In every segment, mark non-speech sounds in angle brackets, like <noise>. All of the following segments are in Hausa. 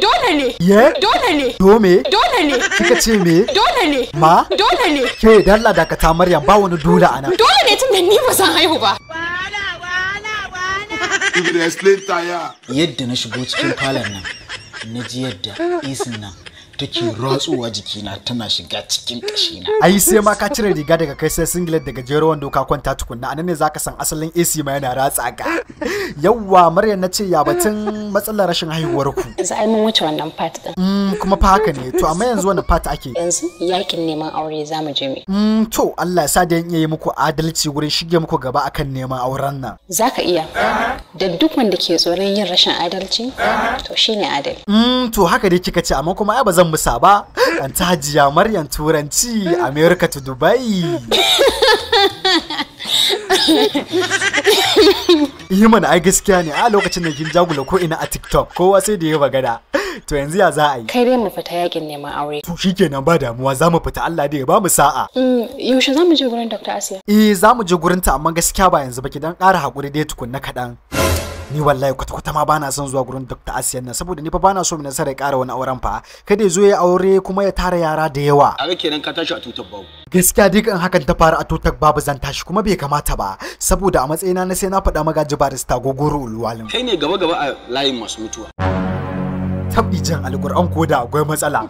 Dole ne. Ye? Dole ne. Dome? Dole ne. Kika ce me? Dole ne. Ma? Dole ne. Ke dalla dakata Maryam ba wani dula ana. Dole ne tunda ni ba san haihu ba. Yadda na shigo cikin falon nan, na ji yadda isin nan take ratsuwa jikina tana shiga cikin kashina ai sai ma ka cire riga daga kai sai singlet daga jerin wando ka kwanta tukunna anan ne zaka san asalin AC ma yana ratsa ga. yawwa Maryam na ce ya batun matsalar rashin haihuwar ku sai mun wuce wannan part din mm kuma fa haka ne to amma yanzu wannan part ake yanzu yakin neman aure zamu je mu mm to Allah ya sa da iya yi muku adalci wurin shige muku gaba akan neman auren nan zaka iya da duk wanda ke tsoron yin rashin adalci to shine adali mm to haka dai kika ce amma kuma ai ba zan mu saba an ta hajiya maryan turanci america to dubai <laughs> yi mana ai gaskiya ne a lokacin da kin jagula ko ina a tiktok kowa sai da ya bagada to yanzu ya za a yi kai dai mu fita yakin neman aure to shikenan ba damuwa za mu fita Allah da ya ba mu sa'a mm, yaushe za mu je gurin dr asiya eh za mu je gurinta amma gaskiya ba yanzu ba ki dan ƙara haƙuri dai na kaɗan ni wallahi kwata kwata ma bana son zuwa gurin Dr. Asiyan nan saboda ni fa bana so mu nasara ya ƙara wani auren fa kada ya zo ya aure kuma ya tara yara da yawa kaga kenan ka tashi a tutar babu gaskiya duk in hakan ta fara a tutar babu zan tashi kuma bai kamata ba saboda a matsayina na sai na faɗa magaji barista gogoro ulwalin kai ne gaba gaba a layin masu mutuwa tabbijan alƙur'an ko da akwai matsala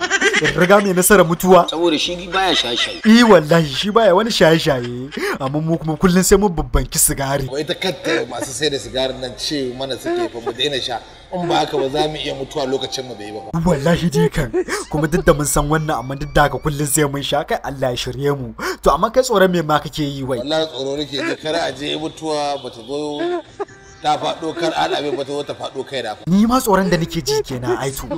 riga mai nasara mutuwa saboda shi baya shaye-shaye i e, wallahi shi baya wani shaye-shaye amma mu kuma kullun sai mu babbanki sigari wai ta katta masu sai da sigarin nan ce mana suke fa mu daina sha in ba haka ba za mu iya mutuwa lokacin mu bai ba wallahi dai kan kuma duk da mun san wannan amma duk da haka kullun sai mun sha kai Allah ya shirye mu to amma kai tsoron me ma kake yi wai wallahi tsoro nake ji kar a je mutuwa bata zo ta faɗo kar an abin ba ta zo ta faɗo kai da. ni ma tsoron da nake ji kenan aitu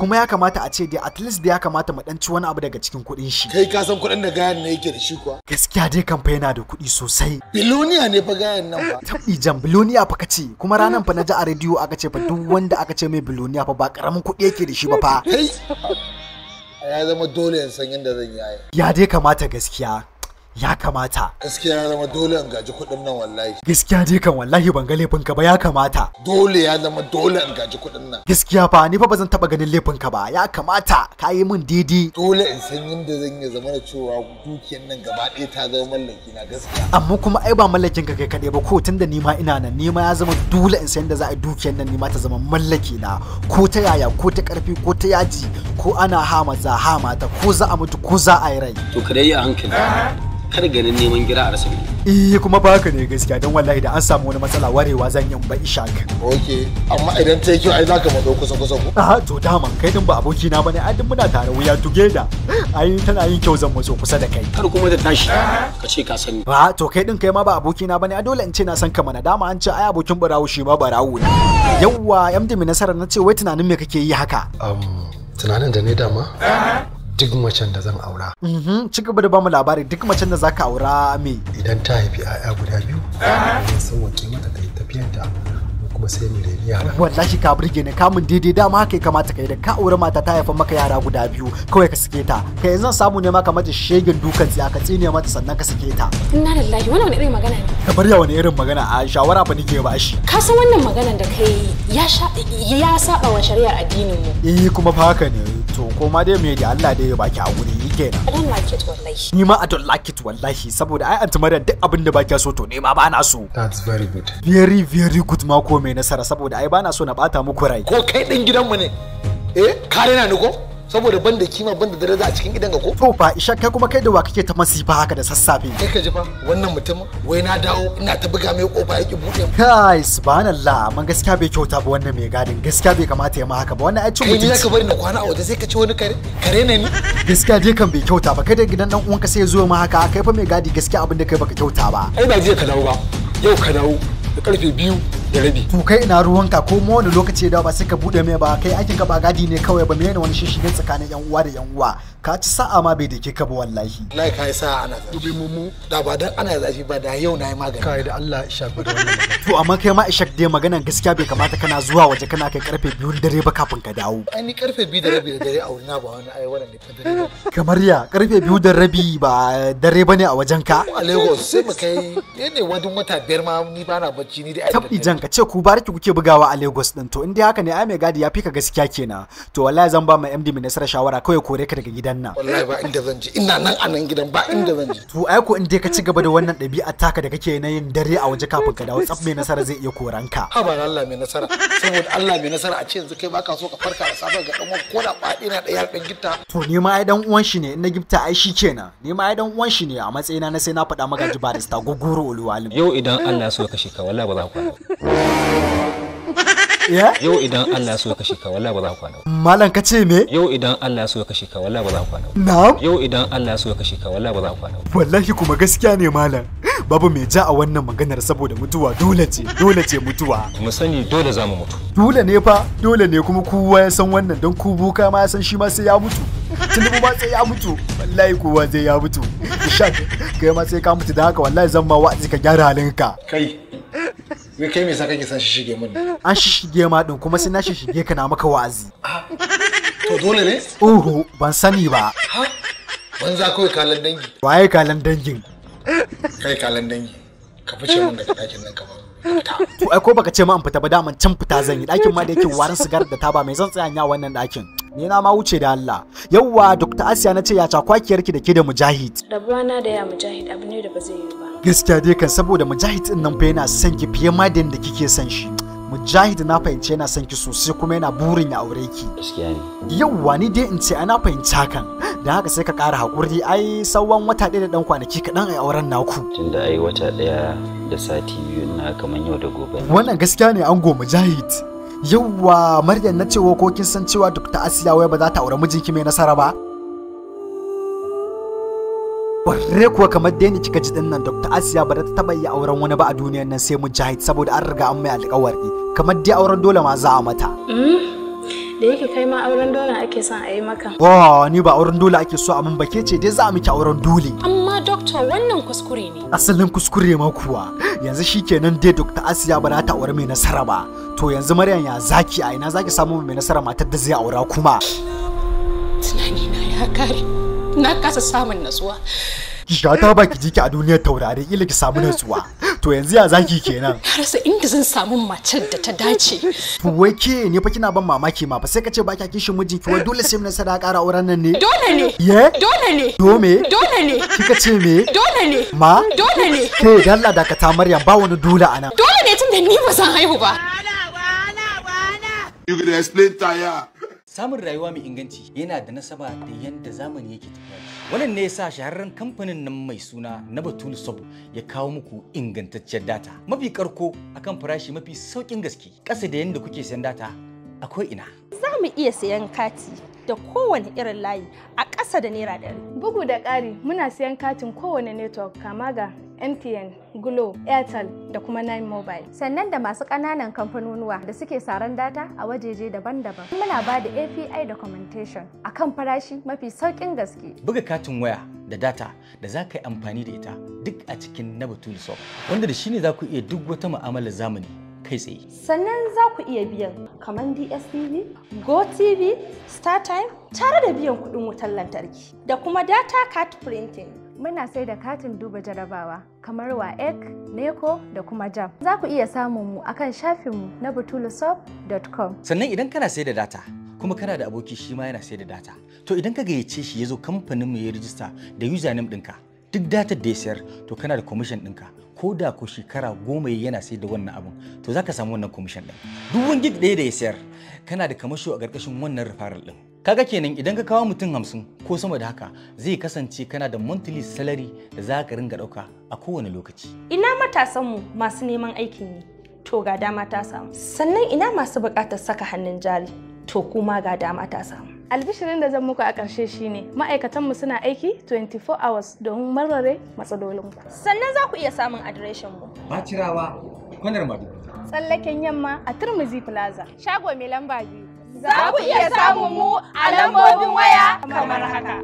kuma ya kamata a ce dai at least da ya kamata mu danci ci wani abu daga cikin kuɗin shi kai ka san kuɗin da gayan ne yake da shi kuwa gaskiya dai kan fa yana da kuɗi sosai biloniya ne fa gayan nan ba tabi jan biloniya fa kace kuma ranan fa na ji a rediyo aka ce fa duk wanda aka ce mai biloniya fa ba karamin kuɗi yake da shi ba fa ya zama dole in san yadda zan yi ya dai kamata gaskiya ya kamata gaskiya ya zama dole in gaji kuɗin nan wallahi gaskiya dai kan wallahi ban ga laifin ka ba ya kamata dole ya zama dole in gaji kuɗin nan gaskiya fa ni fa ba zan taba ganin laifin ka ba ya kamata ka yi min daidai dole in san yadda zan yi zama da cewa dukiyar nan gaba ɗaya ta zama mallaki na gaskiya amma kuma ai ba mallakin ka kai kaɗai ba ko tunda ni ma ina nan ni ma ya zama dole in san yadda za a yi dukiyar nan ni ma ta zama mallaki na ko ta yaya ko ta ƙarfi ko ta yaji ko ana hama za hama ta ko za a mutu ko za a yi rai to ka ya yi hankali kar ganin neman gira a rasa Eh kuma ba haka ne gaskiya don wallahi da an samu wani matsala warewa zan yi ba ishak. Ok amma idan ta yi kyau ai za ka mazo kusa kusa ku. Aha, to dama kai din ba aboki na bane a din muna tare wuya together. Ai tana yin kyau zan mazo kusa da kai. Kar kuma da tashi ka ce ka sani. Ba, to kai din kai ma ba aboki na bane a dole in ce na san ka mana dama an ce ai abokin barawo shi ma barawo ne. Yawwa MD mai nasara na ce wai tunanin me kake yi haka? Um tunanin da ne dama. duk macen da zan aura. Mm-hmm. Ci gaba da bamu labari duk macen da za ka aura me. Idan ta haifi 'ya'ya guda biyu, san uh-huh. sauwaƙe mata ta yi tafiyanta kuma sai mu reni yara. Wallahi ka burge ni kamun daidai dama haka ya kamata ka yi da ka aura mata ta haifa maka yara guda biyu kawai ka sike ta. Kai yanzu samu ne ma ka mata shegen dukan tsiya ka tsine mata sannan ka sike ta. Inna lillahi wannan wani irin magana ne? Ka bar ya wani irin magana a shawara fa nake ba shi. Ka san wannan maganan da kai ya ya saba wa shari'ar addinin mu. Eh kuma fa haka ne. to koma dai me da Allah dai ya baki a wuri kenan I don't like it wallahi ni ma I like it wallahi saboda ai anti Maryam duk abin da baki so to ne ma ba so that's very good very very good ma ko mai nasara saboda ai bana so na bata muku rai ko kai din gidanmu ne eh kare na ni ko saboda banda kima banda daraja a cikin gidan ga ko to fa isha kai kuma kai da wa kake ta masifa haka da sassafe kai ka ji fa wannan mutum wai na dawo ina ta buga mai kofa yake bude kai subhanallah amma gaskiya bai kyauta ba wannan mai gadin gaskiya bai kamata ya ma haka ba wannan ai cin mutum kai ne ka bari na kwana a waje sai ka ci wani kare kare ne ni gaskiya dai kan bai kyauta ba kai da gidan dan uwanka sai ya zo ma haka kai fa mai gadi gaskiya abin da kai baka kyauta ba ai ba jiya ka dawo ba yau ka dawo da karfe biyu da rabi to kai ina ruwanka ko mu wani lokaci da ba sai ka bude mai ba kai aikin ka ba gadi ne kawai ba mene wani shishigin tsakanin yan uwa da yan uwa ka ci sa'a ma bai dake ka ba wallahi wallahi kai sa'a ana zafi dubi mu da ba dan ana zafi ba da yau nayi magana kai da Allah ishaq da wannan to amma kai ma isha dai maganan gaskiya bai kamata kana zuwa waje kana kai karfe biyu dare ba kafin ka dawo ai ni karfe biyu da rabi da dare a wurina ba wani ai wannan ne dare kamar ya karfe biyu da rabi ba dare bane a wajen ka a Lagos sai mu kai ne wadun wata biyar ma ni ba na bacci ni dai tabbi jan ka ce ku bariki kuke bugawa a Lagos din to indai haka ne ai mai gadi ya fi ka gaskiya kenan to wallahi zan ba ma MD mai nasara shawara kawai kore ka daga gidan nan wallahi ba inda zan je ina nan a nan gidan ba inda zan je to ai ko in ka ci gaba da wannan ɗabi'a taka da kake na yin dare a waje kafin ka dawo tsaf mai nasara zai iya koran ka ha ba Allah mai nasara saboda Allah mai nasara a ce yanzu kai ka so ka farka da safar ga dan ko da ba ina da yar dan gifta to ni ma ai dan uwan shi ne in na gifta ai shi kenan ni ma ai dan uwan shi ne a matsayina na sai na faɗa maka ji gogoro oluwalim yau idan Allah ya so ka shi ka wallahi ba za ku Yau idan Allah so kashe ka wallahi ba za ka kwana. Malam ka ce me? Yau idan Allah so kashe ka wallahi ba za ka kwana. Na'am. Yau idan Allah so kashe ka wallahi ba za ka kwana. Wallahi kuma gaskiya ne malam. Babu mai ja a wannan maganar saboda mutuwa dole ce, dole ce mutuwa. Mu sani dole za mu mutu. Dole ne fa, dole ne kuma kowa ya san wannan don ku buka ma ya san shi ma sai ya mutu. Tinubu ma sai ya mutu. Wallahi kowa zai ya mutu. Ishaq, kai ma sai ka mutu da haka wallahi zan ma wa'azi ka gyara halinka. Kai, wai kai me sa kake son shige mun an shishige ma din kuma sai na shishige ka na maka wa'azi ah, to dole ne uhu ban sani ba ban za kawai kalan dangi waye kalan dangin kai kalan dangi ka fice mun daga dakin nan ka ba to ai ko baka ce ma in fita ba daman can fita zan yi dakin ma da yake warin sigar da taba mai zan tsaya wannan dakin ni na ma wuce da Allah yawwa Dr. Asiya na ce ya kwakiyar ki da ke da Mujahid na da ya Mujahid abu ne da ba zai yi ba gaskiya dai kan saboda Mujahid din nan fa yana son ki fiye ma da yadda kike son shi mujahid na fahimci yana son ki sosai kuma yana burin ya aure ki gaskiya yauwa ni dai in ce ana fahimci hakan da haka sai ka ƙara haƙuri ai sauwan wata ɗaya da ɗan kwanaki kaɗan a auren naku tunda ai wata ɗaya da sati biyu na kaman yau da gobe wannan gaskiya ne ango mujahid yauwa maryam na cewa ko kin san cewa duk asiya wai ba za ta aure mijinki mai nasara ba Barre kuwa kamar dai ni kika ji din nan Dr. Asiya ba ta taba yi auren wani ba a duniyar nan sai Mujahid saboda an riga an mai alƙawari. Kamar dai auren dole ma za a mata. Mm. Da yake kai ma auren dole ake son a yi maka. Oh, ni ba auren dole ake so a mun bake ce dai za a miki auren dole. Amma doctor wannan kuskure ne. Asalin kuskure ma kuwa. Yanzu shikenan dai Dr. Asiya ba ta aure mai nasara ba. To yanzu Maryam ya zaki a ina zaki samu mai nasara matar da zai aura kuma. Tunani na ya kare. na kasa samun natsuwa ga ta ki jiki a duniyar taurari ila ki samu natsuwa to yanzu ya zaki kenan na rasa inda zan samu macen da ta dace to wai ke ne fa kina ban mamaki ma fa sai ka ce ba baki kishin mijin ki wai dole sai mun sada ƙara auren nan ne dole ne ye dole ne to me dole ne kika ce me dole ne ma dole ne ke dalla da ka ta maryam ba wani dole nan. dole ne tunda ni ba zan haihu ba You can explain tire. Samun rayuwa mai inganci yana da nasaba da yadda zamani yake tafiya. Wannan ne yasa shahararren kamfanin nan mai suna na Batul Sub ya kawo muku ingantaccen data. Mafi karko akan farashi mafi saukin gaske. Ƙasa da yadda kuke sayan data akwai ina. Za mu iya sayan kati da kowane irin layi a ƙasa da naira ɗari. Bugu da ƙari muna sayan katin kowane network kama ga MTN, Glo, Airtel da kuma Nine Mobile. Sannan da masu ƙananan kamfanonuwa da suke saran data a wajeje daban-daban. Muna ba da API documentation a kan farashi mafi sauƙin gaske. Buga katin waya da data da za ka yi amfani da ita duk a cikin na Batulusoft, wanda da shi ne za ku iya duk wata mu'amalar zamani kai tsaye. Sannan za ku iya biyan kamar DSTV, GoTV, StarTime tare da biyan kuɗin wutar lantarki da kuma data card printing. muna sai da katin duba jarabawa kamar waec neko da kuma jam za ku iya samun mu akan shafinmu na butulusop.com sannan idan kana sai da data kuma kana da aboki shi ma yana sai da data to idan ka gayyace shi ya zo kamfanin mu ya rijista da username ɗinka duk datar da ya sayar to kana da commission ɗinka ko da ko shekara goma yana sai da wannan abin to za ka samu wannan commission ɗin duk wani gig ɗaya da ya sayar kana da kamasho a ƙarƙashin wannan referral ɗin kaga kenan idan ka kawo mutum hamsin ko sama da haka zai kasance kana da monthly salary da za ka ringa ɗauka a kowane lokaci ina matasanmu masu neman aikin ne? to ga dama ta samu sannan ina masu buƙatar saka hannun jari to kuma ga dama ta samu albishirin da zan muku a ƙarshe shine ma'aikatanmu suna aiki 24 hours domin marmare matsalolinku sannan za ku iya samun adireshin mu Ba cirawa, kwanar madu tsallaken yamma a turmuzi plaza shago mai lamba biyu Za ku iya samun mu a lambobin waya kamar haka.